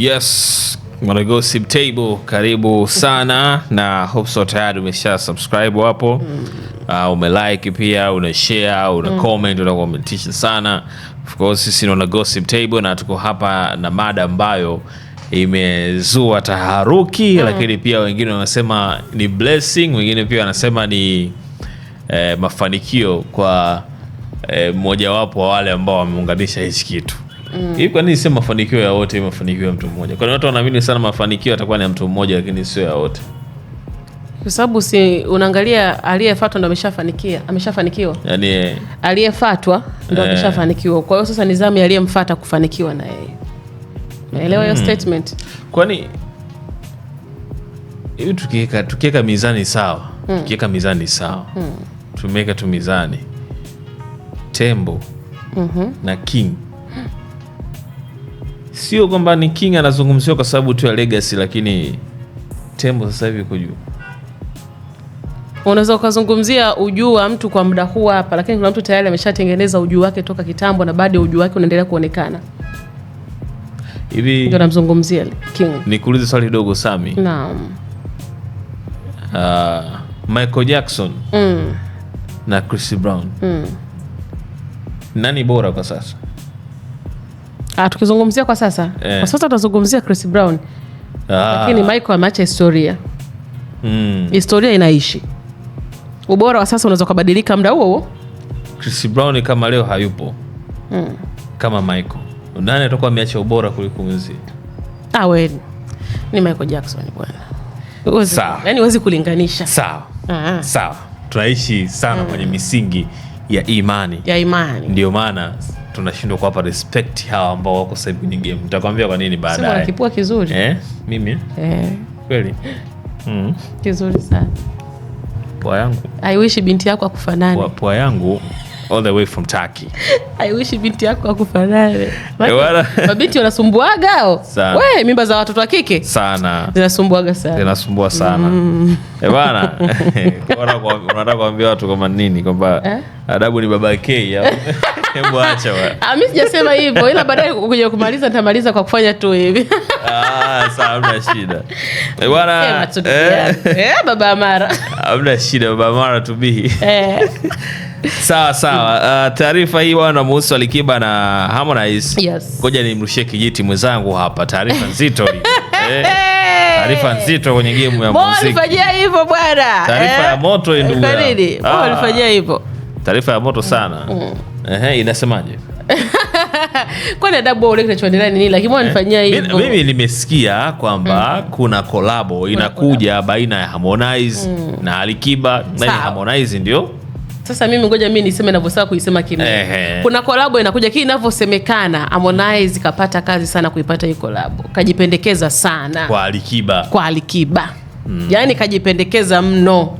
Yes, Mwanagossip Table, karibu sana na hope so tayari umesha subscribe hapo mm. Uh, umelike pia una share una mm. comment una commentisha sana. Of course sisi ni Mwanagossip Table na tuko hapa na mada ambayo imezua taharuki mm. Lakini pia wengine wanasema ni blessing, wengine pia wanasema ni eh, mafanikio kwa eh, wa wale ambao wameunganisha hichi kitu mm. Hivi sio mafanikio ya wote, mafanikio ya mtu mmoja? Kwani watu wanaamini sana mafanikio atakuwa ni ya mtu mmoja, lakini sio ya wote, kwa sababu si unaangalia aliyefatwa ndo ameshafanikia ameshafanikiwa, yani eh. aliyefatwa ndo eh. ameshafanikiwa. Kwa hiyo sasa ni zamu aliyemfata kufanikiwa na yeye. Naelewa hiyo mm. statement. Kwani hivi tukiweka tukiweka mizani sawa mm. tukiweka mizani sawa mm. tumeweka tu mizani tembo mm -hmm. na king sio kwamba ni King anazungumziwa kwa sababu tu ya legacy, lakini Tembo sasa hivi uko juu. Unaweza ukazungumzia ujuu wa mtu kwa muda huu hapa, lakini kuna mtu tayari ameshatengeneza ujuu wake toka kitambo, na baada ya ujuu wake unaendelea kuonekana hivi. Ndio namzungumzia King. Nikuulize swali dogo Sami. Naam. Uh, Michael Jackson mm. na Chris Brown mm. nani bora kwa sasa? Ah, tukizungumzia kwa sasa eh. Kwa sasa tunazungumzia Chris Brown ah. Lakini Michael ameacha historia mm. Historia inaishi, ubora wa sasa unaweza ukabadilika muda huo huo. Chris Brown kama leo hayupo mm. Kama Michael nani atakuwa ameacha ubora kuliko mwenzie? Ah, we ni Michael Jackson bwana, yani huwezi kulinganisha. Sawa ah, ah. sawa, tunaishi sana mm. kwenye misingi ya imani ya imani, ndio maana tunashindwa kuwapa respect hawa ambao wako sasa hivi kwenye game. Nitakwambia kwa nini baadaye. Sema kipua kizuri eh, mimi eh, kweli mm. kizuri sana pua yangu. I wish binti yako akufanane pua, pua yangu all the way from Turkey. I wish binti yako akufanane. Eh, Mabinti wanasumbuaga hao. We, mimba za watoto wa kike sana zinasumbuaga sana, zinasumbua sana mm. E bana unataka kuambia watu kama nini kwamba eh? adabu ni baba K hebu acha bwana. Mimi ah, sijasema hivyo, ila baadaye kuja kumaliza nitamaliza kwa kufanya tu hivi. Ah, sawa, hamna shida eh, bwana. Eh, eh. eh, baba Amara, hamna shida, baba Amara tubihi eh. Sawa sawa. Uh, taarifa hii bwana muhusu Alikiba na Harmonize. Yes. Ngoja nimrushie kijiti mwenzangu hapa, taarifa nzito hii. eh. Taarifa nzito kwenye game ya muziki. Mbona ulifanyia hivyo bwana? Taarifa ya eh. moto ndugu. Kwa nini? Mbona ah. ulifanyia hivyo? taarifa ya moto sana mm. mm. Ehe, inasemaje? Kwani adabu ile kinachoendelea ni nini? Lakini wanifanyia eh, hivyo. Mimi nimesikia kwamba mm. kuna kolabo inakuja baina ya Harmonize mm. na Alikiba nani Harmonize ndio sasa mimi ngoja mimi niseme ninavyosaa kuisema kim. Kuna kolabo inakuja, kile inavyosemekana Harmonize kapata kazi sana kuipata hii kolabo, kajipendekeza sana kwa Alikiba, kwa Alikiba mm. yaani kajipendekeza mno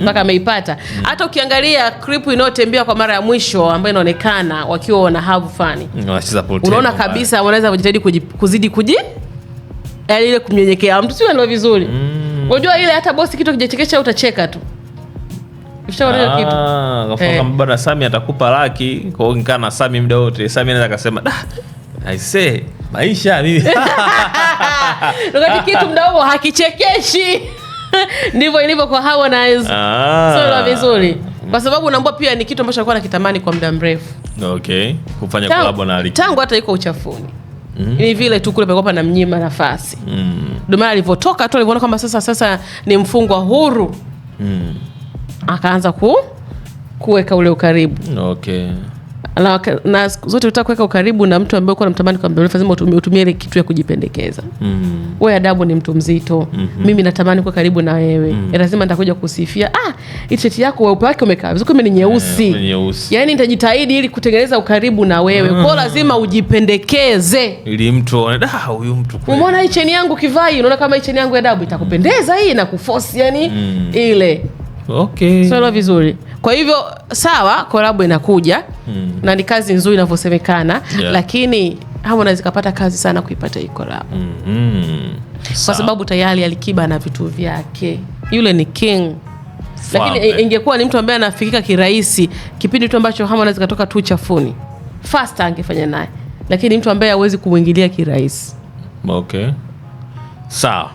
mpaka ameipata. Hata ukiangalia clip inayotembea kwa mara ya mwisho ambayo inaonekana wakiwa wana have fun, mm, unaona kabisa wanaweza kujitahidi kuzidi kuji yaani ile kumnyenyekea mtu sio ndio vizuri. Mm. Unajua ile hata bosi kitu kijachekesha utacheka tu. ah, eh. Sami atakupa laki, na Sami wote. Sami anaweza akasema, I say, maisha mimi." kitu mdao hakichekeshi. ndivyo ilivyo kwa Harmonize. Ah. So vizuri kwa sababu unaambua pia ni kitu ambacho alikuwa anakitamani kwa muda mrefu. Okay. Kufanya collab na Alikiba. Tangu hata iko uchafuni Mm. Ni vile tu kule palikuwa pana mnyima nafasi. Mm. Ndio maana alivyotoka tu aliona kwamba sasa sasa ni mfungwa huru. Mm. Akaanza ku kuweka ule ukaribu. Okay na, na zote utaka kuweka ukaribu na mtu ambaye uko unamtamani kwa lazima utumie ile kitu ya kujipendekeza. mm. Wewe adabu ni mtu mzito. mm -hmm. Mimi natamani kuwa karibu na wewe. mm. Eh, lazima nitakuja kusifia, ah, icheti yako weupe wake umekaa vizuri, ni nyeusi. Eh, yani nitajitahidi ili kutengeneza ukaribu na wewe. mm. Kwao lazima ujipendekeze, ili mtu aone, ah, huyu mtu Umeona hii cheni yangu kivai, unaona kama hii cheni yangu ya adabu itakupendeza hii na kuforce yani, mm. ile Okay. Swala vizuri. Kwa hivyo sawa, kolabo inakuja hmm. na ni kazi nzuri inavyosemekana yeah. Lakini Harmonize kapata kazi sana kuipata hii kolabo mm -hmm. kwa sababu tayari Alikiba na vitu vyake, yule ni king Fabe. Lakini ingekuwa ni mtu ambaye anafikika kirahisi kipindi tu ambacho Harmonize katoka tu chafuni fasta angefanya naye, lakini mtu ambaye hawezi kumwingilia kirahisi. Okay. Sawa.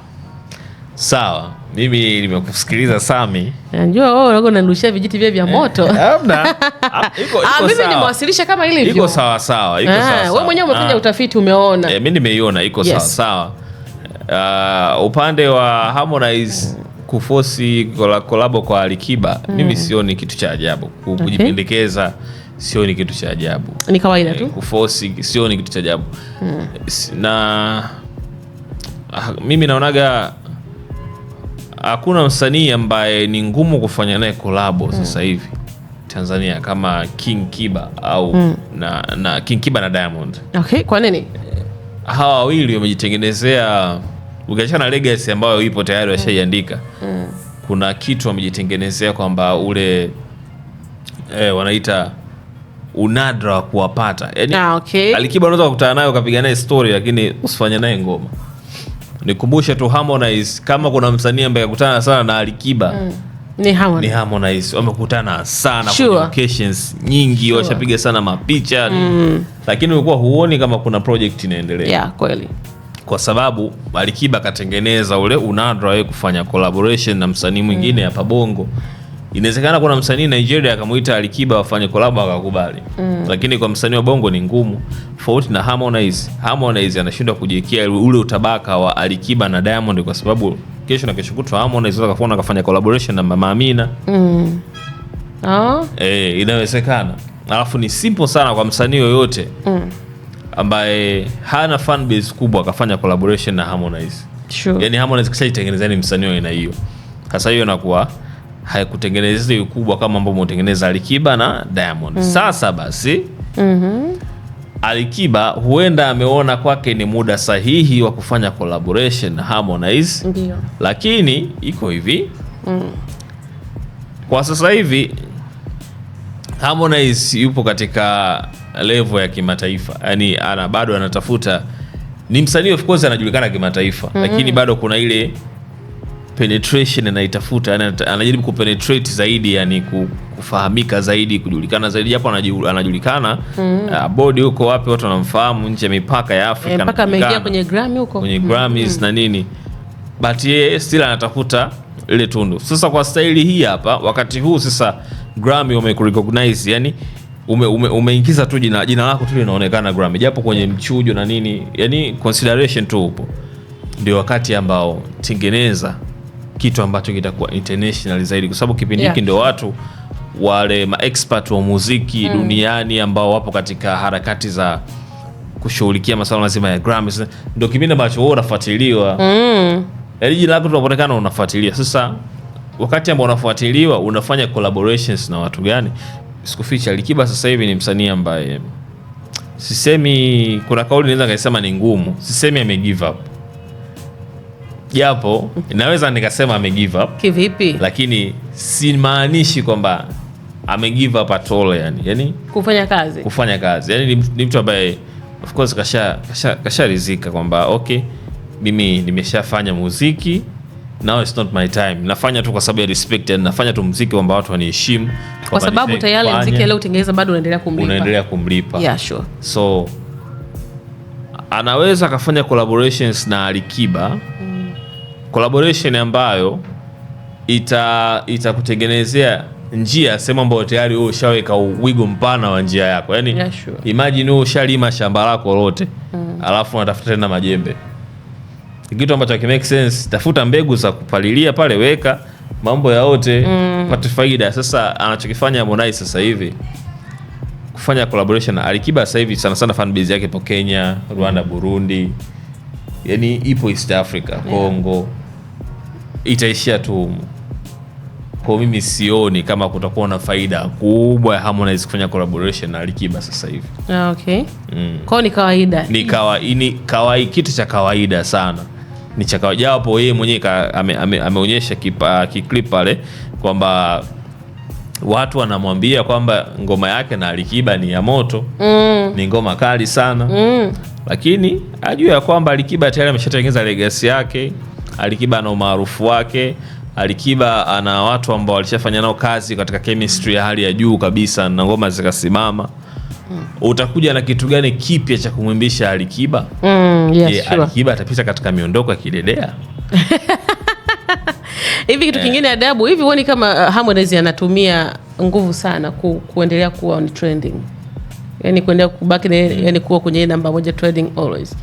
Sawa, mimi nimekusikiliza Sami. Najua wewe unago nanushia vijiti vye vya eh, moto. Eh, hamna. Ah, ah, mimi nimewasilisha kama ilivyo. Iko sawa sawa, iko ah, sawa Wewe mwenyewe umefanya utafiti umeona. Eh, mimi nimeiona iko sawa sawa. Uh, upande wa Harmonize kufosi kolabo kwa Alikiba mm. Mimi sioni kitu cha ajabu kujipendekeza, okay. Sioni kitu cha ajabu, ni kawaida tu eh, kufosi, sioni kitu cha ajabu mm. Na mimi naonaga hakuna msanii ambaye ni ngumu kufanya naye kolabo mm. sasa hivi Tanzania kama King Kiba au mm. na, na King Kiba na Diamond. Okay, kwa nini? Hawa wawili wamejitengenezea, ukiachana na legacy ambayo ipo tayari mm. washaiandika mm. mm. kuna kitu wamejitengenezea kwamba ule eh, wanaita unadra wa kuwapata yani, ah, okay. Alikiba unaweza kukutana naye ukapiga naye story, lakini usifanye naye ngoma nikumbushe tu Harmonize, kama kuna msanii ambaye akutana sana na Alikiba mm. Ni Harmonize. Ni Harmonize. Wamekutana sana sure. occasions nyingi sure. Washapiga sana mapicha mm. Lakini ulikuwa huoni kama kuna project inaendelea. Yeah, kweli. Kwa sababu Alikiba katengeneza ule unadra wewe kufanya collaboration na msanii mwingine mm. hapa mm. Bongo Inawezekana kuna msanii Nigeria akamuita Alikiba wafanye kolabo akakubali. Mm. Lakini kwa msanii wa Bongo ni ngumu. Tofauti na Harmonize. Harmonize anashindwa kujiwekea ule utabaka wa Alikiba na Diamond kwa sababu kesho na kesho kutwa Harmonize anaweza kufanya akafanya collaboration na Mama Amina. Mm. Oh. Eh, inawezekana. Alafu ni simple sana kwa msanii yoyote. Mm. Ambaye hana fan base kubwa akafanya collaboration na Harmonize. Sure. Yaani Harmonize kishaitengenezani msanii wa aina hiyo. Sasa hiyo inakuwa haikutengeneza ukubwa kama ambavyo umetengeneza Alikiba na Diamond. mm. Sasa basi mm -hmm. Alikiba huenda ameona kwake ni muda sahihi wa kufanya collaboration na Harmonize. Ndiyo. Lakini iko hivi mm. Kwa sasa hivi Harmonize yupo katika level ya kimataifa, yaani ana bado anatafuta, ni msanii of course anajulikana kimataifa mm -hmm. Lakini bado kuna ile penetration anaitafuta, yani anajaribu kupenetrate zaidi, yani kufahamika zaidi, kujulikana zaidi, japo anajulikana mm. Uh, bodi huko wapi, watu wanamfahamu nje ya mipaka ya Afrika e, mpaka ameingia kwenye Grammy huko kwenye mm. Grammys mm. na nini, but yeye still anatafuta ile tundu. Sasa kwa staili hii hapa, wakati huu sasa Grammy wamekurecognize yani umeingiza ume, ume tu jina, jina lako tu linaonekana Grammy, japo kwenye mchujo na nini, yani consideration tu upo. Ndio wakati ambao tengeneza kitu ambacho kitakuwa international zaidi, kwa sababu kipindi hiki yeah. ndio watu wale maexpert wa muziki mm. duniani ambao wapo katika harakati za kushughulikia masuala mazima ya Grammys, ndio kipindi ambacho wewe unafuatiliwa mm. yaani jina lako tunaonekana unafuatilia. Sasa wakati ambao unafuatiliwa unafanya collaborations na watu gani? Sikuficha, Alikiba sasa hivi ni msanii ambaye sisemi, kuna kauli naweza kaisema ni ngumu, sisemi ame give up japo naweza nikasema ame give up kivipi, lakini simaanishi kwamba ame give up at all, yani yani kufanya kazi, kufanya kazi yani ni mtu ambaye of course kasha kasharizika kasha kwamba okay, mimi nimeshafanya muziki now it's not my time, nafanya tu kwa sababu ya respect, yani nafanya tu muziki kwamba watu waniheshimu, kwa sababu tayari muziki leo utengeneza bado unaendelea kumlipa, unaendelea kumlipa yeah, sure. so anaweza akafanya collaborations na Alikiba mm collaboration ambayo ita itakutengenezea njia sehemu ambayo tayari wewe ushaweka wigo mpana wa njia yako, yani, yeah, sure. Imagine wewe ushalima shamba lako lote mm. Alafu unatafuta tena majembe, kitu ambacho ki make sense. Tafuta mbegu za kupalilia pale, weka mambo ya yote mm. pate faida. Sasa anachokifanya Harmonize sasa hivi kufanya collaboration na Alikiba, sasa hivi sana sana fan base yake ipo Kenya, Rwanda, mm. Burundi, yani ipo East Africa, Kongo yeah itaishia tu humu. Kwa mimi sioni kama kutakuwa na faida kubwa ya Harmonize kufanya collaboration na Alikiba sasa hivi. Ah, okay. Mm. Kwao ni kawaida. Ni kawa, ni kawaida, kitu cha kawaida sana. Ni cha kawaida. Japo yeye mwenyewe ameonyesha ame, kiklip pale kwamba watu wanamwambia kwamba ngoma yake na Alikiba ni ya moto. Mm. Ni ngoma kali sana. Mm. Lakini ajua ya kwamba Alikiba tayari ameshatengeneza legacy yake. Alikiba ana umaarufu wake. Alikiba ana watu ambao walishafanya nao kazi katika chemistry ya hali ya juu kabisa na ngoma zikasimama. Mm. Utakuja na kitu gani kipya cha kumwimbisha Alikiba? Mm, yes, yeah, sure. Alikiba atapita katika miondoko ya kidedea hivi kitu eh, kingine adabu hivi huoni kama uh, Harmonize anatumia nguvu sana ku, kuendelea kuwa on trending, yani kuendelea kubaki mm, yani kuwa kwenye namba moja trending always.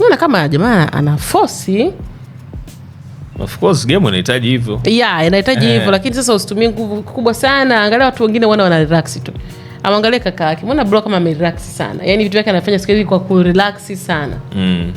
Naona kama jamaa ana force Of course game inahitaji hivyo. Yeah, inahitaji eh. hivyo lakini sasa usitumie nguvu kubwa sana. Angalia watu wengine wana wana relax tu. Amwangalie kaka yake. Mbona bro kama relax sana? Yaani vitu vyake anafanya siku hizi kwa relax sana. Mm.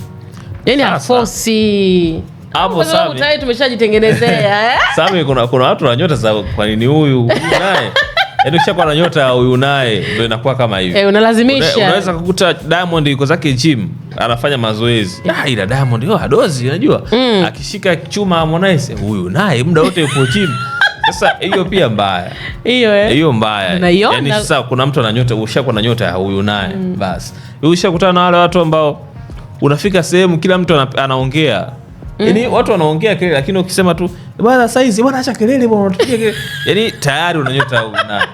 Yaani afosi. Hapo sasa. Tumeshajitengenezea. Eh? Sasa kuna kuna watu na nyota za kwa nini huyu naye? yaani ukishakuwa na nyota huyu naye ndo inakuwa kama hivi eh, unalazimisha. Una, unaweza kukuta Diamond yuko zake gym anafanya mazoezi ah, ila Diamond yo hadozi, unajua mm. akishika chuma Harmonize huyu naye muda wote yupo gym Sasa hiyo pia mbaya, hiyo eh. hiyo mbaya. Yani sasa kuna mtu ana nyota, ushakuwa na nyota huyu naye mm. basi ushakutana na wale watu ambao unafika sehemu kila mtu anaongea yani mm. Yaani watu wanaongea kelele lakini ukisema tu bwana saizi bwana acha kelele bwana unatupiga kelele. yani tayari unanyota una.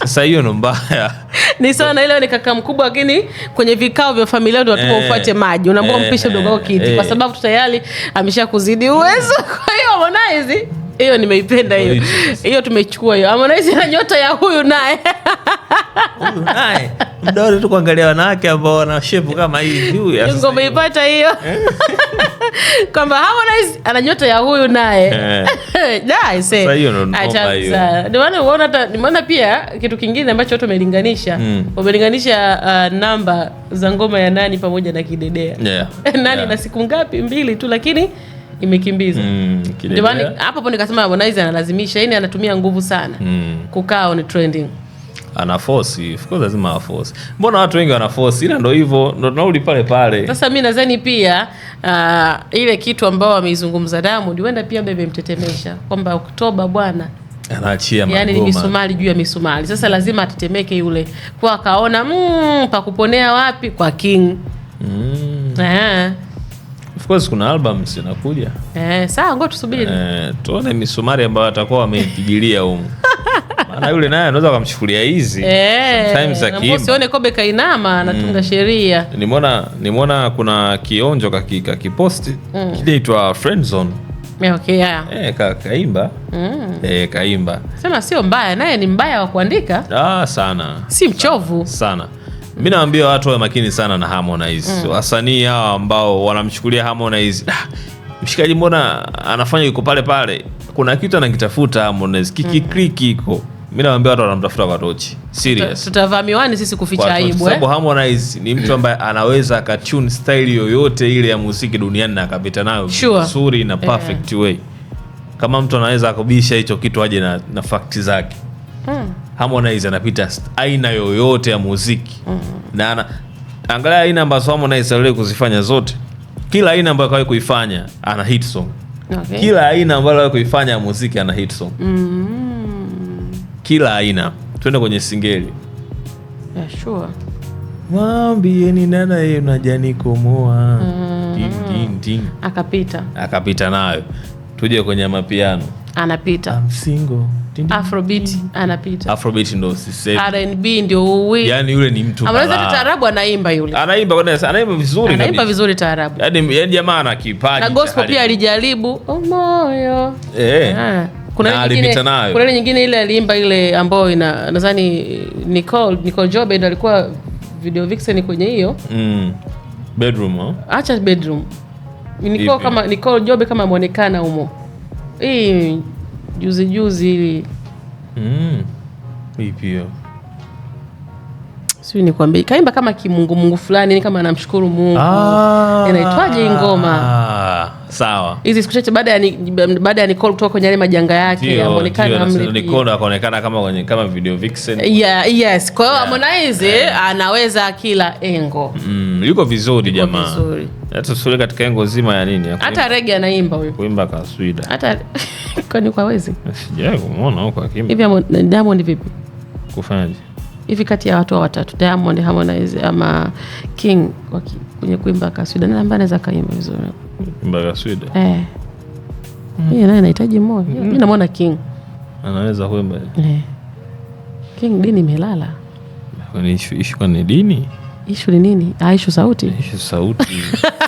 Sasa hiyo ndo mbaya. Ni sawa na ile ni kaka mkubwa lakini kwenye vikao vya familia ndio watu eh, wafuate maji. Unaambiwa mpishe eh, mdogo wako kiti kwa eh. sababu tayari ameshakuzidi uwezo. Kwa hiyo Harmonize hiyo nimeipenda hiyo oh, hiyo, tumechukua hiyo. Harmonize na nyota ya huyu naye naye tu kuangalia wanawake ambao wana shepu kama hii juu ya sasa, umeipata hiyo eh? kwamba Harmonize ana nyota ya huyu naye dai eh. sasa, hiyo ndo maana unaona hata maana. Pia kitu kingine ambacho watu wamelinganisha mm. wamelinganisha uh, namba za ngoma ya Nani pamoja na Kidedea yeah. Nani yeah. na siku ngapi mbili tu, lakini imekimbiza mm, ndio maana mm, hapo hapo nikasema Harmonize analazimisha, yani anatumia nguvu sana mm, kukaa on trending ana force of course, lazima ana force. Mbona watu wengi wana force, ila ndio hivyo, ndio tunarudi pale pale. Sasa mimi nadhani pia uh, ile kitu ambao wameizungumza Diamond huenda pia imemtetemesha kwamba Oktoba bwana anaachia yani ni misumari juu ya misumari, sasa lazima atetemeke yule, kwa akaona mm, pakuponea wapi kwa King mm. Eh. Of course kuna album zinakuja. Eh, sawa ngoja tusubiri. Eh, tuone misumari ambayo atakuwa amepigilia huko. Maana yule naye anaweza kumchukulia hizi. Eh, sometimes akiimba. Usione kobe kainama mm. anatunga mm. sheria. Nimeona nimeona kuna kionjo kakika kiposti mm. kinaitwa Friend Zone. Yeah, Okay, yeah. Eh, ka, kaimba mm. Eh, kaimba sema sio mbaya, naye ni mbaya wa kuandika ah, sana si mchovu sana, sana mi naambia watu wawe makini sana na Harmonize, mm. wasanii hawa ambao wanamchukulia Harmonize mshikaji, mbona anafanya yuko pale pale, kuna kitu anakitafuta Harmonize kikikriki mm. iko mm. mi nawambia watu wanamtafuta kwa tochi serious, miwani sisi kuficha aibu, kwa sababu eh? Harmonize ni mtu ambaye anaweza akatune style yoyote ile ya muziki duniani na akapita nayo vizuri sure. na eh. perfect yeah. way kama mtu anaweza akubisha hicho kitu aje na, na fakti zake mm. Harmonize anapita aina yoyote ya muziki mm -hmm. na ana, angalia aina ambazo Harmonize aliwahi kuzifanya zote, kila aina ambayo kawai kuifanya ana hit song okay. kila aina ambayo aliwahi kuifanya ya muziki ana hit song mm -hmm. kila aina. tuende kwenye singeli yeah, sure. Mwambieni nana ye najanikomua mm. Mm-hmm. akapita akapita nayo. Tuje kwenye mapiano anapita I'm single Afrobeat ndo ndio uwe. Yaani yule ni mtu. taarabu anaimba yule. Anaimba anaimba vizuri Anaimba vizuri taarabu. Yaani, yaani jamaa ana kipaji. Na gospel pia alijaribu oh, moyo. Eh. Ah. Kuna nyingine kuna nyingine ile aliimba ile ambayo ina nadhani Nicole Nicole Jobe ndo alikuwa video vixen kwenye hiyo. Mm. Bedroom huh? Acha bedroom. Nicole kama Nicole Jobe kama ameonekana humo. Hii juzi juzi ili mm. ipi mm. Sijui nikwambie, kaimba kama kimungumungu fulani, ni kama anamshukuru Mungu, ah. inaitwaje ah. ngoma sawa. Hizi siku chache baada ya baada ya Nicole kutoka kwenye yale majanga yake yaonekana Amri Nicole akaonekana kama kwenye kama video vixen. Yeah, yes. Kwa hiyo Harmonize yeah. anaweza kila engo. Mm, yuko vizuri jamaa. Vizuri. Hata katika engo zima ya nini? Hata rege anaimba huyo. Kuimba kaswida. Hata kwani kwa wezi? Sijawahi kumuona huko akimba. Hivi Diamond vipi? Kufanyaje? hivi kati ya watu wa watatu Diamond, Harmonize ama King kwenye kuimba kaswida, nani ambaye anaweza kaimba vizuri kuimba kaswida eh? Mm. naye anahitaji moyo. mm. Mimi namwona King anaweza kuimba eh. King dini imelala, kwani ishu ni dini? Ishu ni nini? Ah, ishu sauti, ishu sauti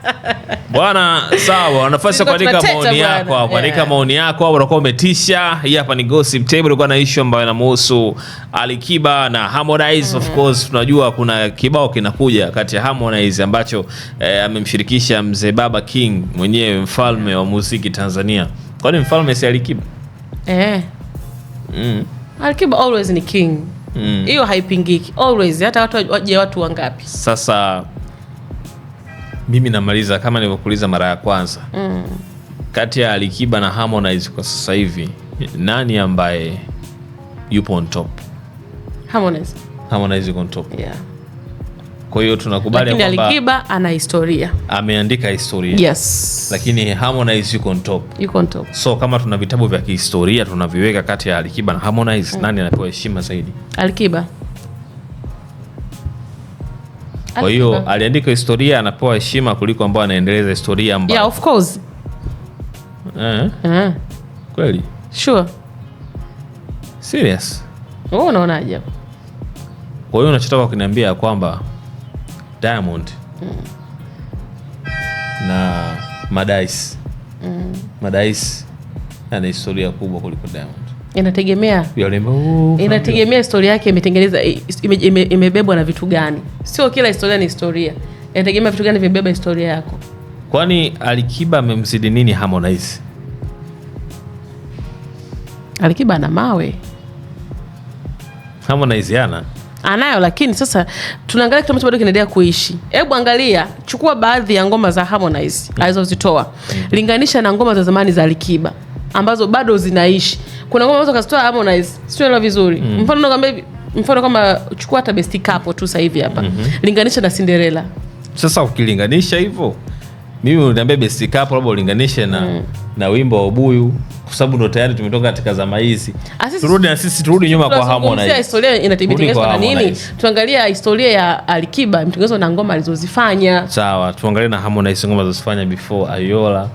Bwana, sawa, nafasi ya kuandika maoni yako hapo. Andika maoni yako hapo, unakuwa umetisha. Hii hapa ni gossip table, ilikuwa na issue ambayo inamhusu Alikiba na Harmonize. Of mm. course tunajua kuna kibao kinakuja kati ya Harmonize ambacho eh, amemshirikisha mzee Baba King mwenyewe mfalme wa muziki Tanzania. Kwani mfalme si Alikiba? Eh. Mm. Alikiba always ni king. Mm. Hiyo mm, haipingiki. Always hata watu waje watu wangapi. Sasa mimi namaliza kama nilivyokuuliza mara ya kwanza mm. kati ya Alikiba na Harmonize kwa sasa hivi nani ambaye yupo on top? Harmonize. Harmonize yuko on top. Yeah. Kwa hiyo tunakubali kwamba Alikiba ana historia, ameandika historia yes. Lakini Harmonize yuko on top, yuko on top. So kama tuna vitabu vya kihistoria tunaviweka kati ya Alikiba na Harmonize mm. nani anapewa heshima zaidi? Alikiba. Kwa hiyo aliandika historia anapewa heshima kuliko ambao anaendeleza historia ambayo. Yeah, of course. Eh. Eh. Kweli? Sure. Serious? Wewe unaonaje Kwa hiyo unachotaka kuniambia kwamba Diamond mm. na madais mm. madais ana historia kubwa kuliko Diamond inategemea inategemea historia yake imetengeneza imebebwa ime, ime na vitu gani. Sio kila historia ni historia, inategemea vitu gani vimebeba historia yako. Kwani Alikiba amemzidi nini Harmonize? Alikiba ana mawe, Harmonize ana anayo, lakini sasa tunaangalia kitu ambacho bado kinaendelea kuishi. Hebu angalia, chukua baadhi ya ngoma za Harmonize mm. alizozitoa, mm. linganisha na ngoma za zamani za Alikiba ambazo bado zinaishi. Kuna ngoma unaweza kuzitoa Harmonize, sio na vizuri. Mm. Mfano nakwambia mfano kama chukua hata Best Couple tu sasa hivi hapa. Mm -hmm. Linganisha na Cinderella. Sasa ukilinganisha hivyo mimi uniambia Best Couple labda ulinganishe na mm. na wimbo wa Ubuyu kwa sababu ndo tayari tumetoka katika zama hizi. Ah, turudi na sisi turudi nyuma kwa Harmonize. Historia inatengenezwa na nini? Tuangalia historia ya Alikiba imetengenezwa na ngoma alizozifanya. Sawa, tuangalie na Harmonize ngoma alizozifanya before Ayola.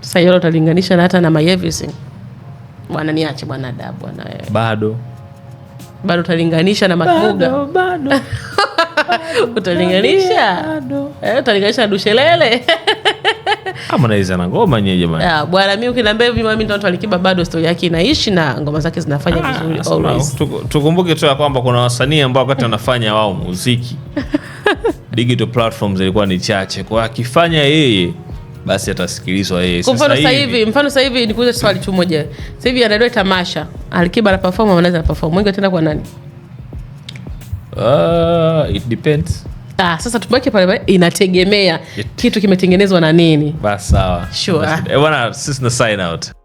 Sasa hilo utalinganisha na hata na my everything. Bwana niache bwana adabu bwana wewe. Bado. Bado utalinganisha na Makuga. Bado, bado. Utalinganisha? Bado. Eh, utalinganisha na Dushelele. Ama naiza na ngoma nyewe jamani. Ah, bwana mimi ukiniambia hivi mimi ndo Alikiba bado story yake inaishi na ngoma zake zinafanya ah, vizuri always. Tukumbuke tu ya kwamba kuna wasanii ambao wakati wanafanya wao muziki digital platforms zilikuwa ni chache. Kwa akifanya yeye basi atasikilizwa yeye. Kwa mfano sasa hivi, mfano sasa hivi nikuuliza swali tu moja. Sasa hivi anadai tamasha, Alikiba ana perform, anaweza ana perform. Wengi ataenda kwa nani? Ah, uh, it depends. Ah, sasa tubaki pale pale, inategemea it... kitu kimetengenezwa na nini. Basi sawa. Sure. Eh, bwana, sisi na sign out.